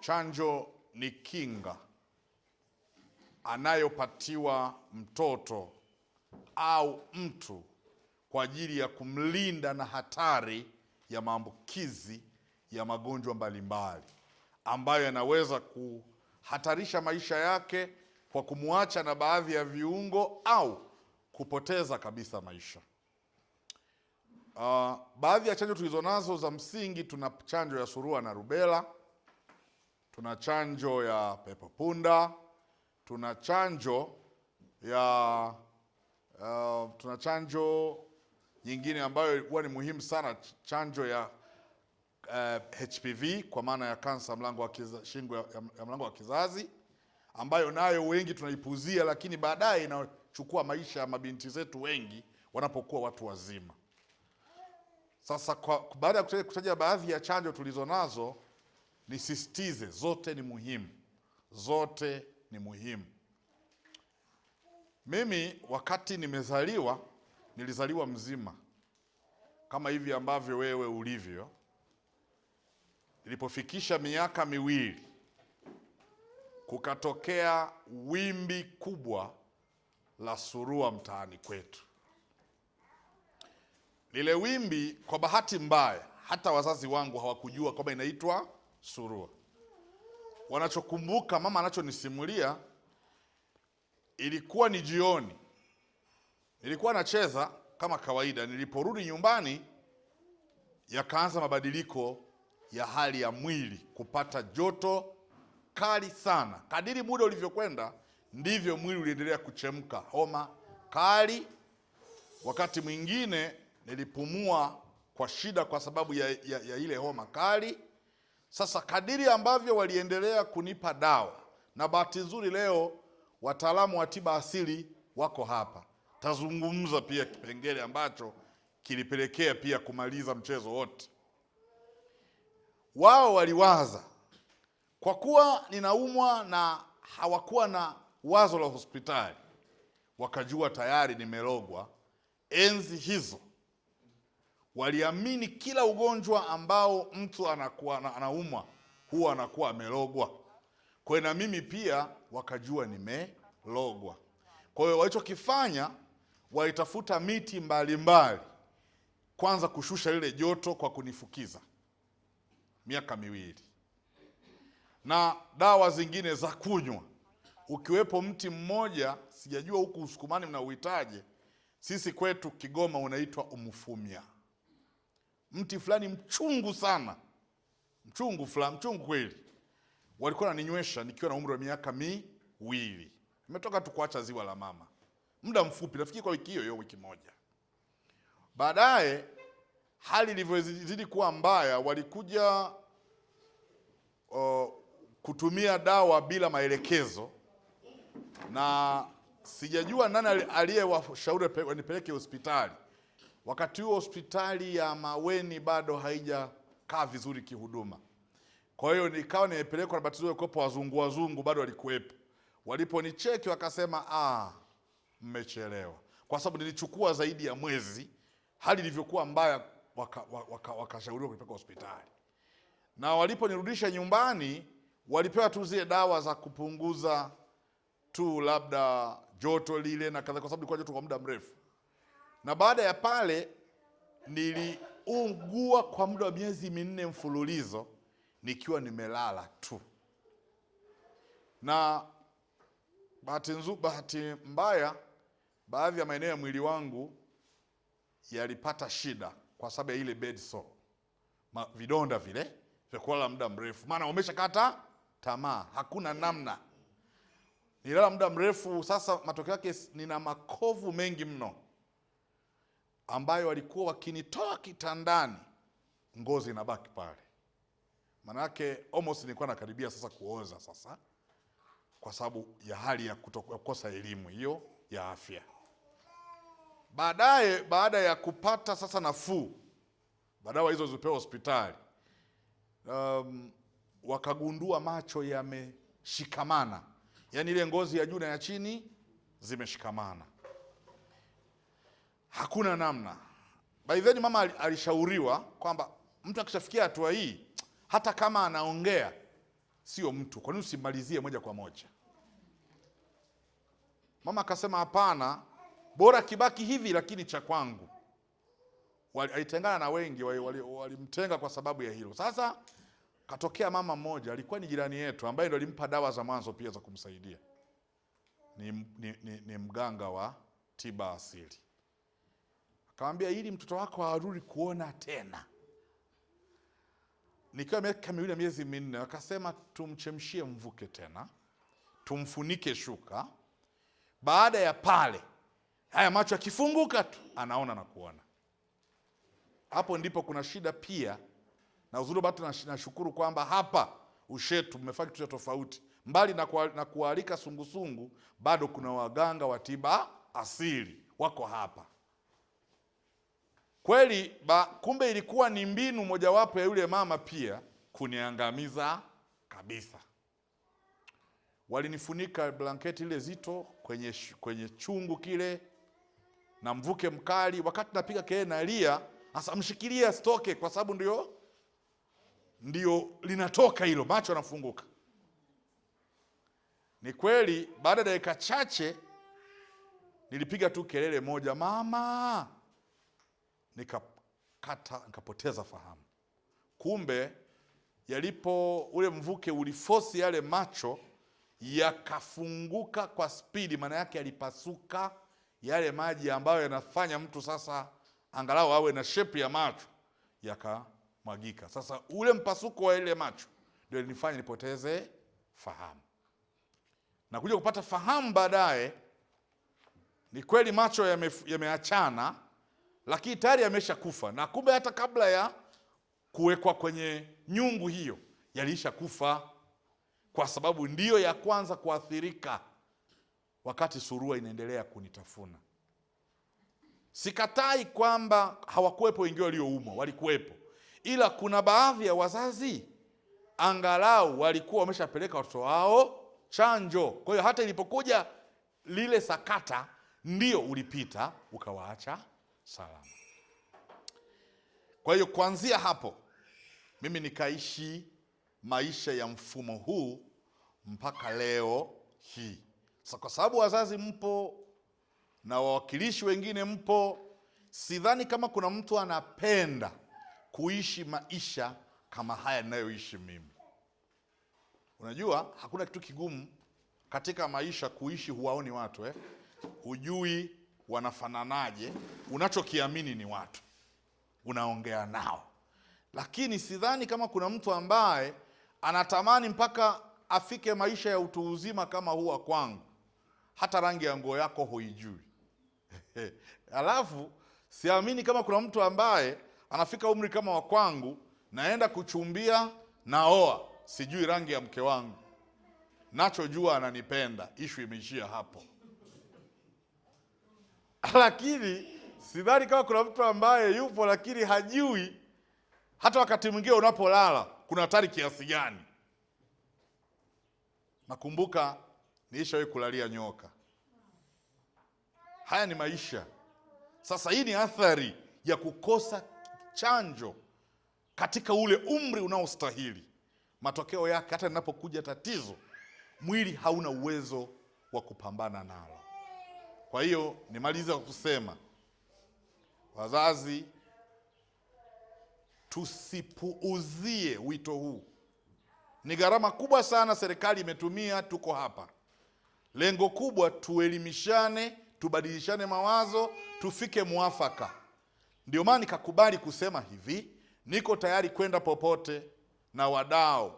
Chanjo ni kinga anayopatiwa mtoto au mtu kwa ajili ya kumlinda na hatari ya maambukizi ya magonjwa mbalimbali ambayo yanaweza kuhatarisha maisha yake kwa kumwacha na baadhi ya viungo au kupoteza kabisa maisha. Uh, baadhi ya chanjo tulizonazo za msingi tuna chanjo ya surua na rubela Tuna chanjo ya pepo punda, tuna chanjo ya uh, tuna chanjo nyingine ambayo huwa ni muhimu sana, chanjo ya uh, HPV kwa maana ya kansa mlango wa shingo ya, ya mlango wa kizazi ambayo nayo wengi tunaipuzia, lakini baadaye inachukua maisha ya mabinti zetu wengi wanapokuwa watu wazima. Sasa baada ya kutaja baadhi ya chanjo tulizonazo nisisitize, zote ni muhimu, zote ni muhimu. Mimi wakati nimezaliwa nilizaliwa mzima kama hivi ambavyo wewe ulivyo. Nilipofikisha miaka miwili, kukatokea wimbi kubwa la surua mtaani kwetu. Lile wimbi, kwa bahati mbaya, hata wazazi wangu hawakujua kwamba inaitwa surua. Wanachokumbuka mama anachonisimulia, ilikuwa ni jioni, nilikuwa nacheza kama kawaida. Niliporudi nyumbani, yakaanza mabadiliko ya hali ya mwili, kupata joto kali sana. Kadiri muda ulivyokwenda, ndivyo mwili uliendelea kuchemka, homa kali. Wakati mwingine nilipumua kwa shida kwa sababu ya, ya, ya ile homa kali. Sasa kadiri ambavyo waliendelea kunipa dawa, na bahati nzuri leo wataalamu wa tiba asili wako hapa, tazungumza pia kipengele ambacho kilipelekea pia kumaliza mchezo wote. Wao waliwaza kwa kuwa ninaumwa na hawakuwa na wazo la hospitali, wakajua tayari nimerogwa. Enzi hizo waliamini kila ugonjwa ambao mtu anakuwa anaumwa huwa anakuwa amelogwa. Kwa hiyo na mimi pia wakajua nimelogwa. Kwa hiyo walichokifanya walitafuta miti mbalimbali mbali, kwanza kushusha lile joto kwa kunifukiza miaka miwili na dawa zingine za kunywa, ukiwepo mti mmoja sijajua huku Usukumani mnauhitaje, sisi kwetu Kigoma unaitwa umfumia mti fulani mchungu sana, mchungu fulani, mchungu kweli. Walikuwa wananinywesha nikiwa na umri wa miaka miwili, nimetoka tu kuacha ziwa la mama, muda mfupi, nafikiri kwa wiki hiyo hiyo, wiki moja baadaye. Hali ilivyozidi kuwa mbaya, walikuja uh, kutumia dawa bila maelekezo, na sijajua nani aliyewashauri wanipeleke hospitali Wakati huo hospitali ya Maweni bado haijakaa vizuri kihuduma, kwa hiyo nikawa nimepelekwa na batizo kopo, wazungu wazungu bado walikuwepo. Waliponicheki wakasema ah, mmechelewa, kwa sababu nilichukua zaidi ya mwezi. Hali ilivyokuwa mbaya, wakashauriwa waka, waka, waka hospitali, na waliponirudisha nyumbani walipewa tu zile dawa za kupunguza tu labda joto lile na kadha, kwa sababu ilikuwa joto kwa muda mrefu na baada ya pale niliugua kwa muda wa miezi minne mfululizo nikiwa nimelala tu, na bahati nzuri, bahati mbaya, baadhi ya maeneo ya mwili wangu yalipata shida kwa sababu ya ile bed sore, vidonda vile vya kulala muda mrefu, maana umeshakata tamaa, hakuna namna. Nilala muda mrefu, sasa matokeo yake nina makovu mengi mno ambayo walikuwa wakinitoa kitandani ngozi inabaki pale, manake almost nilikuwa nakaribia sasa kuoza sasa, kwa sababu ya hali ya kukosa elimu hiyo ya afya. Baadaye baada ya kupata sasa nafuu, dawa hizo zipewa hospitali, um, wakagundua macho yameshikamana, yaani ile ngozi ya juu na ya chini zimeshikamana hakuna namna. By then mama alishauriwa kwamba mtu akishafikia hatua hii, hata kama anaongea sio mtu, kwa nini usimalizie moja kwa moja? Mama akasema hapana, bora kibaki hivi, lakini cha kwangu. Alitengana na wengi, walimtenga kwa sababu ya hilo. Sasa katokea mama mmoja, alikuwa ni jirani yetu, ambaye ndo alimpa dawa za mwanzo pia za kumsaidia. Ni, ni, ni, ni mganga wa tiba asili. Kamwambia ili mtoto wako arudi kuona tena. Nikiwa miaka miwili na miezi minne, wakasema tumchemshie mvuke tena, tumfunike shuka. Baada ya pale, haya macho akifunguka tu anaona na kuona. Hapo ndipo kuna shida pia na uzuri bado. Nashukuru kwamba hapa Ushetu mmefanya kitu tofauti, mbali na kualika sungusungu, bado kuna waganga wa tiba asili wako hapa. Kweli ba, kumbe ilikuwa ni mbinu mojawapo ya yule mama pia kuniangamiza kabisa. Walinifunika blanketi ile zito kwenye, kwenye chungu kile na mvuke mkali, wakati napiga kelele nalia, hasa mshikilia asitoke, kwa sababu ndio ndio linatoka hilo, macho yanafunguka. Ni kweli, baada ya dakika chache nilipiga tu kelele moja, mama nikakata nikapoteza fahamu. Kumbe yalipo ule mvuke ulifosi yale macho yakafunguka kwa spidi, maana yake yalipasuka yale maji ambayo yanafanya mtu sasa angalau awe na shepi ya macho yakamwagika. Sasa ule mpasuko wa ile macho ndio ilinifanya nipoteze fahamu na kuja kupata fahamu baadaye. Ni kweli macho yameachana, yame lakini tayari kufa na kumbe hata kabla ya kuwekwa kwenye nyungu hiyo yaliisha kufa, kwa sababu ndiyo ya kwanza kuathirika wakati surua inaendelea kunitafuna. Sikatai kwamba hawakuwepo wengine walioumwa, walikuwepo, ila kuna baadhi ya wazazi angalau walikuwa wameshapeleka watoto wao chanjo. Kwa hiyo hata ilipokuja lile sakata, ndio ulipita ukawaacha salama. Kwa hiyo kuanzia hapo mimi nikaishi maisha ya mfumo huu mpaka leo hii. Sasa kwa sababu wazazi mpo na wawakilishi wengine mpo, sidhani kama kuna mtu anapenda kuishi maisha kama haya ninayoishi mimi. Unajua, hakuna kitu kigumu katika maisha kuishi, huwaoni watu eh? Hujui wanafananaje, unachokiamini ni watu, unaongea nao. Lakini sidhani kama kuna mtu ambaye anatamani mpaka afike maisha ya utu uzima kama huwa kwangu, hata rangi ya nguo yako huijui. Alafu siamini kama kuna mtu ambaye anafika umri kama wa kwangu, naenda kuchumbia, naoa, sijui rangi ya mke wangu, nachojua ananipenda. Ishu imeishia hapo. lakini sidhani kama kuna mtu ambaye yupo lakini hajui hata wakati mwingine unapolala kuna hatari kiasi gani. Nakumbuka niishawahi kulalia nyoka. Haya ni maisha. Sasa hii ni athari ya kukosa chanjo katika ule umri unaostahili. Matokeo yake hata linapokuja tatizo, mwili hauna uwezo wa kupambana nalo. Kwa hiyo nimaliza kwa kusema wazazi, tusipuuzie wito huu. Ni gharama kubwa sana serikali imetumia. Tuko hapa, lengo kubwa tuelimishane, tubadilishane mawazo, tufike mwafaka. Ndio maana nikakubali kusema hivi, niko tayari kwenda popote na wadau,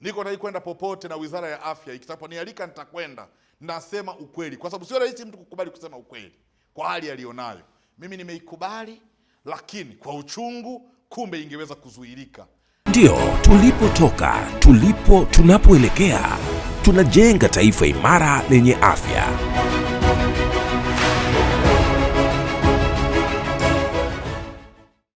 niko tayari kwenda popote na Wizara ya Afya ikitaponialika nitakwenda nasema ukweli, kwa sababu sio rahisi mtu kukubali kusema ukweli kwa hali aliyonayo. Mimi nimeikubali, lakini kwa uchungu, kumbe ingeweza kuzuilika. Ndio tulipotoka, tulipo, tunapoelekea, tunajenga taifa imara lenye afya.